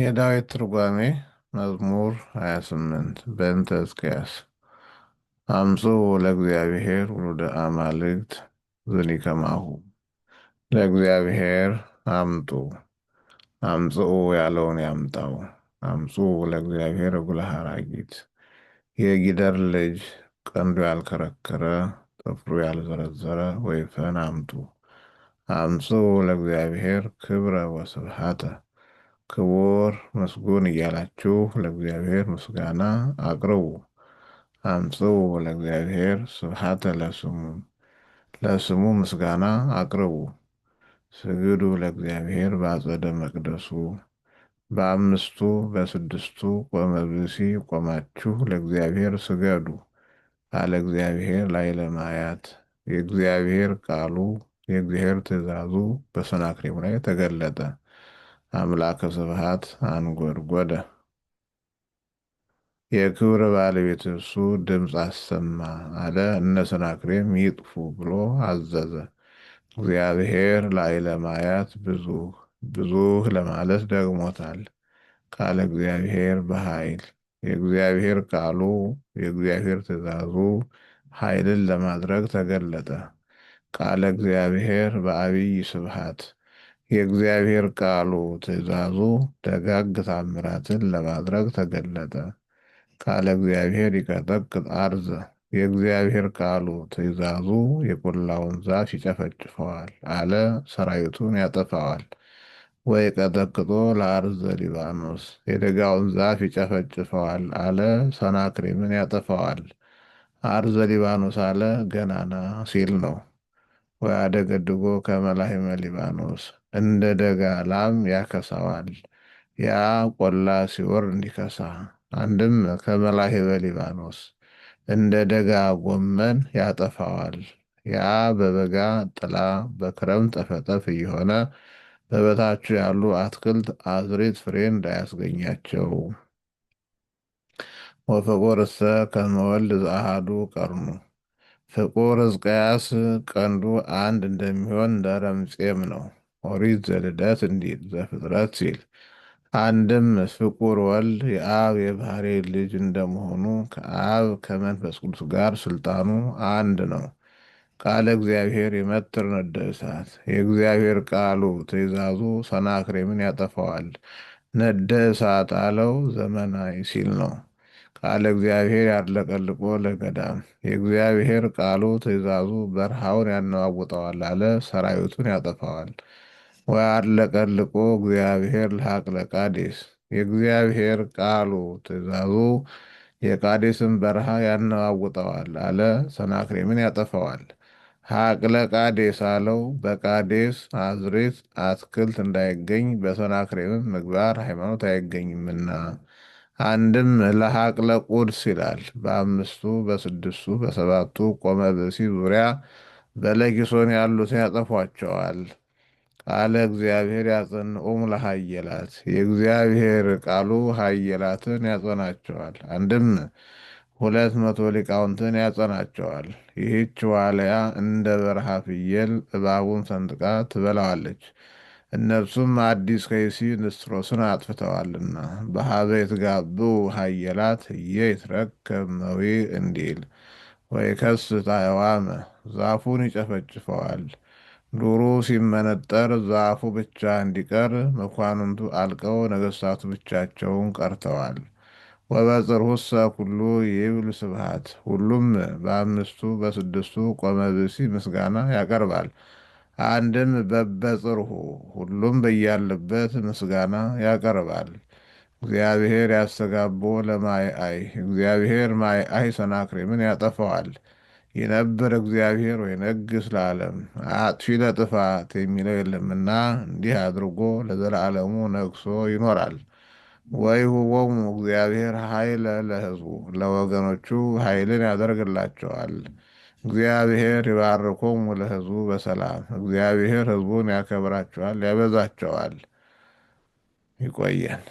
የዳዊት ትርጓሜ መዝሙር 28 በእንተ ሕዝቅያስ አምጽኡ ለእግዚአብሔር ውሉደ አማልክት ዝኒከማሁ ለእግዚአብሔር አምጡ አምጽኡ ያለውን ያምጣው። አምጽኡ ለእግዚአብሔር እጉለ ሐራጊት የጊደር ልጅ ቀንዱ ያልከረከረ ጥፍሩ ያልዘረዘረ ወይፈን አምጡ። አምጽኡ ለእግዚአብሔር ክብረ ወስብሐተ ክቡር ምስጉን እያላችሁ ለእግዚአብሔር ምስጋና አቅርቡ። አምጽው ለእግዚአብሔር ስብሐተ ለስሙ ለስሙ ምስጋና አቅርቡ። ስግዱ ለእግዚአብሔር በአጸደ መቅደሱ በአምስቱ በስድስቱ ቆመብሲ ቆማችሁ ለእግዚአብሔር ስገዱ። አለ እግዚአብሔር ላይ ለማያት የእግዚአብሔር ቃሉ የእግዚአብሔር ትእዛዙ በሰናክሬም ላይ ተገለጠ። አምላከ ስብሃት አንጎድጎደ። የክብር ባለቤት እሱ ድምፅ አሰማ አለ፣ እነ ሰናክሬም ይጥፉ ብሎ አዘዘ። እግዚአብሔር ላይ ማያት ብዙ ብዙ ለማለት ደግሞታል። ቃለ እግዚአብሔር በኃይል የእግዚአብሔር ቃሉ የእግዚአብሔር ትእዛዙ ኃይልን ለማድረግ ተገለጠ። ቃለ እግዚአብሔር በአብይ ስብሃት የእግዚአብሔር ቃሉ ትእዛዙ ደጋግ ታምራትን ለማድረግ ተገለጠ። ቃለ እግዚአብሔር ይቀጠቅጥ አርዘ የእግዚአብሔር ቃሉ ትእዛዙ የቆላውን ዛፍ ይጨፈጭፈዋል አለ፣ ሰራዊቱን ያጠፋዋል። ወይ ቀጠቅጦ ለአርዘ ሊባኖስ የደጋውን ዛፍ ይጨፈጭፈዋል አለ፣ ሰናክሬምን ያጠፋዋል። አርዘ ሊባኖስ አለ ገናና ሲል ነው። ወአደገድጎ ከመላሕመ ሊባኖስ እንደ ደጋ ላም ያከሳዋል። ያ ቆላ ሲወር እንዲከሳ አንድም ከመላሕመ ሊባኖስ እንደ ደጋ ጎመን ያጠፋዋል። ያ በበጋ ጥላ በክረም ጠፈጠፍ እየሆነ በበታቹ ያሉ አትክልት አዝሪት ፍሬ እንዳያስገኛቸው። ወፈቆርሰ ከመወልድ ዘአሃዱ ቀርኑ ጥቁር እስከ ቀንዱ አንድ እንደሚሆን እንደ ረምጼም ነው። ኦሪት ዘልደት እንዲል ዘፍጥረት ሲል አንድም ፍቁር ወልድ የአብ የባህሪ ልጅ እንደመሆኑ ከአብ ከመንፈስ ቅዱስ ጋር ስልጣኑ አንድ ነው። ቃለ እግዚአብሔር ይመትር ነደ እሳት የእግዚአብሔር ቃሉ ትእዛዙ ሰናክሬምን ያጠፋዋል። ነደ እሳት አለው ዘመናዊ ሲል ነው። ቃለ እግዚአብሔር ያለቀልቆ ለገዳም የእግዚአብሔር ቃሉ ትእዛዙ በረሃውን ያነዋውጠዋል አለ ሰራዊቱን ያጠፋዋል። ወያለቀልቆ እግዚአብሔር ለሀቅለ ቃዴስ የእግዚአብሔር ቃሉ ትእዛዙ የቃዴስን በረሃ ያነዋውጠዋል አለ ሰናክሬምን ያጠፋዋል። ሀቅለ ቃዴስ አለው በቃዴስ አዝሬት አትክልት እንዳይገኝ በሰናክሬምም ምግባር ሃይማኖት አይገኝምና አንድም ለሐቅለ ቁድስ ይላል። በአምስቱ በስድስቱ በሰባቱ ቆመ ብሲ ዙሪያ በለኪሶን ያሉትን ያጠፏቸዋል አለ እግዚአብሔር ያጸንኡም ለሀየላት የእግዚአብሔር ቃሉ ሀየላትን ያጸናቸዋል። አንድም ሁለት መቶ ሊቃውንትን ያጸናቸዋል። ይህች ዋልያ እንደ በረሃ ፍየል እባቡን ሰንጥቃ ትበላዋለች። እነርሱም አዲስ ከይሲ ንስጥሮስን አጥፍተዋልና በሀበ የተጋቡ ሀየላት እየ መዊ እንዲል ወይ ከስ ታየዋመ ዛፉን ይጨፈጭፈዋል። ዱሩ ሲመነጠር ዛፉ ብቻ እንዲቀር መኳንንቱ አልቀው ነገስታቱ ብቻቸውን ቀርተዋል። ሁሰ ኩሉ ይብል ስብሃት ሁሉም በአምስቱ በስድስቱ ቆመ ምስጋና ያቀርባል። አንድም በበጽርሁ ሁሉም በያለበት ምስጋና ያቀርባል። እግዚአብሔር ያስተጋቦ ለማይ አይ እግዚአብሔር ማይ አይ ሰናክሬምን ያጠፋዋል። ይነብር እግዚአብሔር ወይ ነግስ ለዓለም አጥፊ ለጥፋት የሚለው የለምና እንዲህ አድርጎ ለዘላለሙ ነግሶ ይኖራል። ወይ ሁቦሙ እግዚአብሔር ኃይለ ለሕዝቡ ለወገኖቹ ኃይልን ያደርግላቸዋል። እግዚአብሔር ይባርኮሙ ለሕዝቡ በሰላም። እግዚአብሔር ህዝቡን ያከብራቸዋል፣ ያበዛቸዋል። ይቆየን።